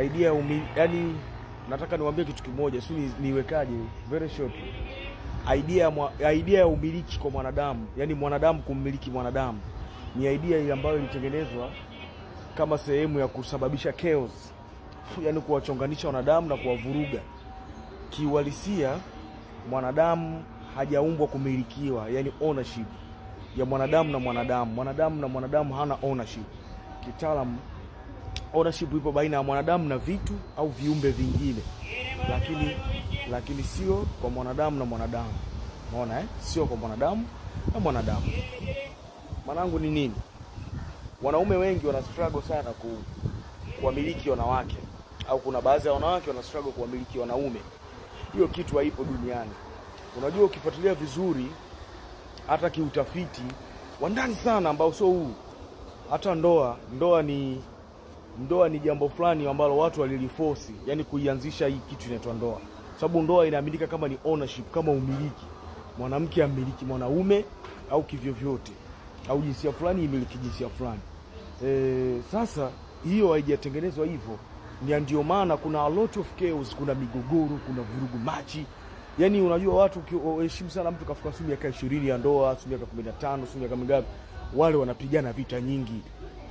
idea umi, yani nataka niwaambie kitu kimoja, si niwekaje, very short idea idea ya umiliki kwa mwanadamu, yani mwanadamu kummiliki mwanadamu ni idea ambayo ilitengenezwa kama sehemu ya kusababisha chaos, yani kuwachonganisha wanadamu na kuwavuruga. Kiuhalisia, mwanadamu hajaumbwa kumilikiwa, yani ownership ya mwanadamu na mwanadamu, mwanadamu na mwanadamu hana ownership kitaalamu ownership ipo baina ya mwanadamu na vitu au viumbe vingine, lakini lakini sio kwa mwanadamu na mwanadamu. Umeona eh? Sio kwa mwanadamu na mwanadamu. Manangu ni nini? Wanaume wengi wana struggle sana ku kuwamiliki wanawake au kuna baadhi ya wanawake wana struggle kuwamiliki wanaume. Hiyo kitu haipo duniani. Unajua, ukifuatilia vizuri hata kiutafiti wa ndani sana ambao sio huu, hata ndoa, ndoa ni ndoa ni jambo fulani ambalo watu walilifosi, yani kuianzisha hii kitu inaitwa ndoa, sababu ndoa inaaminika kama ni ownership, kama umiliki. Mwanamke amiliki mwanaume au kivyovyote, au jinsia fulani imiliki jinsia fulani. E, sasa hiyo haijatengenezwa hivyo, na ndio maana kuna a lot of chaos, kuna migogoro, kuna vurugu machi. Yani unajua watu heshimu sana mtu kafika sumu miaka ishirini ya ndoa, miaka kumi na tano, miaka mingapi, wale wanapigana vita nyingi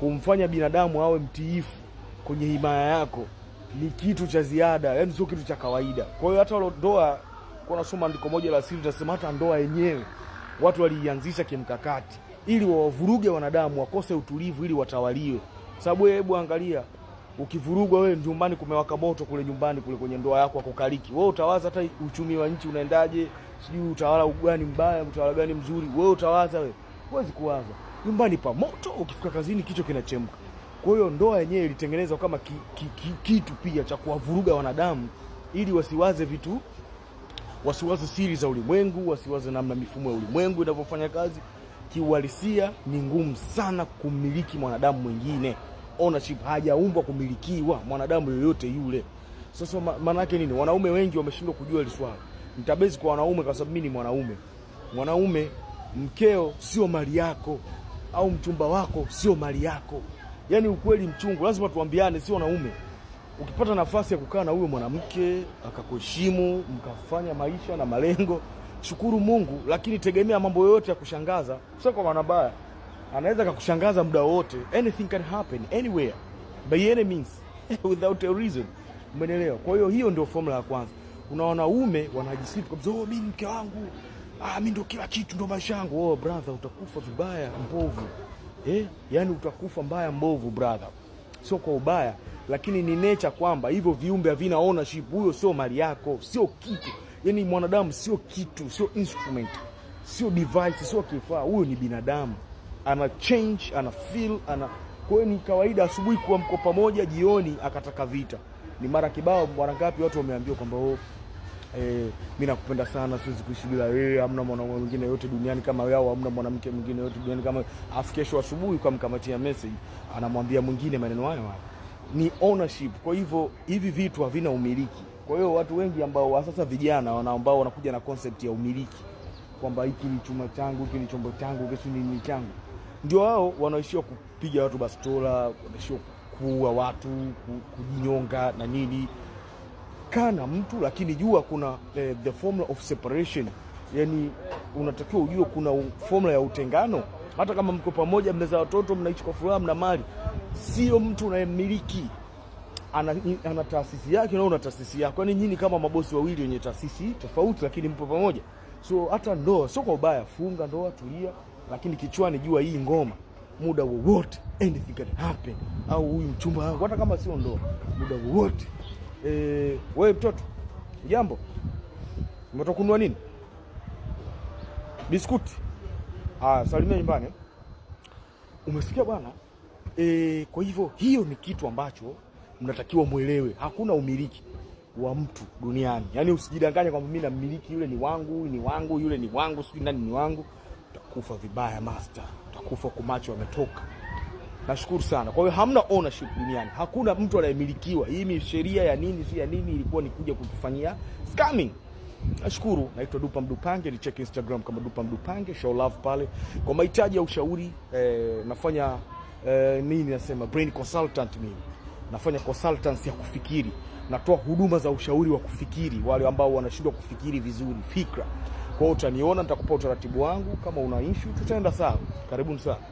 kumfanya binadamu awe mtiifu kwenye himaya yako ni kitu cha ziada, yani sio kitu cha kawaida. Kwa hiyo hata ndoa, kwa nasoma andiko moja la siri tunasema hata ndoa yenyewe watu waliianzisha kimkakati ili wawavuruge wanadamu wakose utulivu, ili watawaliwe. Sababu hebu angalia, ukivurugwa wewe nyumbani, kumewaka moto kule nyumbani kule kwenye ndoa yako, akukaliki wewe, utawaza hata uchumi wa nchi unaendaje, sijui utawala gani mbaya, utawala gani mzuri, wewe utawaza wewe, huwezi kuwaza nyumbani pa moto, ukifika kazini kichwa kinachemka. Kwa hiyo ndoa yenyewe ilitengenezwa kama ki, ki, ki, kitu pia cha kuwavuruga wanadamu ili wasiwaze vitu, wasiwaze siri za ulimwengu, wasiwaze namna mifumo ya ulimwengu inavyofanya kazi. Kiuhalisia ni ngumu sana kumiliki mwanadamu mwingine. Ownership hajaumbwa kumilikiwa mwanadamu yoyote yule. Sasa maana yake nini? Wanaume wengi wameshindwa kujua hili swala. Nitabezi kwa wanaume kwa sababu mimi ni mwanaume. Mwanaume, mkeo sio mali yako au mchumba wako sio mali yako. Yaani ukweli mchungu, lazima tuambiane, sio wanaume. Ukipata nafasi ya kukaa na huyo mwanamke akakuheshimu, mkafanya maisha na malengo, shukuru Mungu, lakini tegemea mambo yote ya kushangaza, sio kwa maana baya. Anaweza akakushangaza muda wote, anything can happen anywhere by any means without a reason, Umeelewa? Kwa hiyo hiyo ndio formula ya kwanza. Kuna wanaume wanajisifu kabisa, oh, mimi mke wangu ah, mimi ndo kila kitu, ndo maisha yangu. Oh brother, utakufa vibaya mbovu eh? Yani utakufa mbaya mbovu brother, sio kwa ubaya, lakini ni nature kwamba hivyo viumbe havina ownership. Huyo sio mali yako, sio kitu. Yani mwanadamu sio kitu, sio instrument, sio device, sio kifaa. Huyo ni binadamu, ana change, ana feel, ana kwa hiyo ni kawaida asubuhi kuwa mko pamoja, jioni akataka vita. Ni mara kibao, mara ngapi watu wameambiwa kwamba oh, eh, mi nakupenda sana, siwezi kuishi bila wewe, hamna mwanaume mwingine yote duniani kama wewe, au hamna mwanamke mwingine yote duniani kama wewe. Afu kesho asubuhi kamkamatia message, anamwambia mwingine maneno hayo hayo. Ni ownership. Kwa hivyo hivi vitu havina umiliki. Kwa hiyo watu wengi ambao wa sasa vijana wana ambao wanakuja na concept ya umiliki kwamba hiki ni chuma changu, hiki ni chombo changu, hiki ni nini changu, ndio wao wanaishia kupiga watu bastola, wanaishia kuua watu, kujinyonga na nini kaa na mtu lakini jua kuna eh, the formula of separation, yani unatakiwa ujue kuna formula ya utengano. Hata kama mko pamoja, mmeza watoto, mnaishi kwa furaha, mna mali, sio mtu unayemiliki ana, ana taasisi yake na una taasisi yako, yani nyinyi kama mabosi wawili wenye taasisi tofauti, lakini mpo pamoja. So hata ndoa sio kwa ubaya, funga ndoa, tulia, lakini kichwani jua hii ngoma muda wowote anything can happen. Au huyu mchumba wangu hata kama sio ndoa, muda wowote e, wewe mtoto, jambo, umetoka kununua nini? Biskuti? Ah, salimia nyumbani. Umesikia bwana? E, kwa hivyo hiyo ni kitu ambacho mnatakiwa mwelewe, hakuna umiliki wa mtu duniani. Yaani usijidanganye kwamba mimi namiliki yule, ni wangu, ni wangu, yule ni wangu, sijui nani ni wangu. Utakufa vibaya master, utakufa kumacho ametoka Nashukuru sana. Kwa hiyo hamna ownership duniani, hakuna mtu anayemilikiwa. Hii ni sheria ya nini, si ya nini, ilikuwa ni kuja kutufanyia scamming. Nashukuru. Naitwa Dupa Mdupange, ni check Instagram kama Dupa Mdupange show love pale kwa mahitaji ya ushauri eh, nafanya eh, nini nasema brain consultant mimi nafanya consultancy ya kufikiri, natoa huduma za ushauri wa kufikiri, wale ambao wanashindwa kufikiri vizuri fikra. Kwa hiyo utaniona, nitakupa utaratibu wangu, kama una issue tutaenda sawa. Karibuni sana.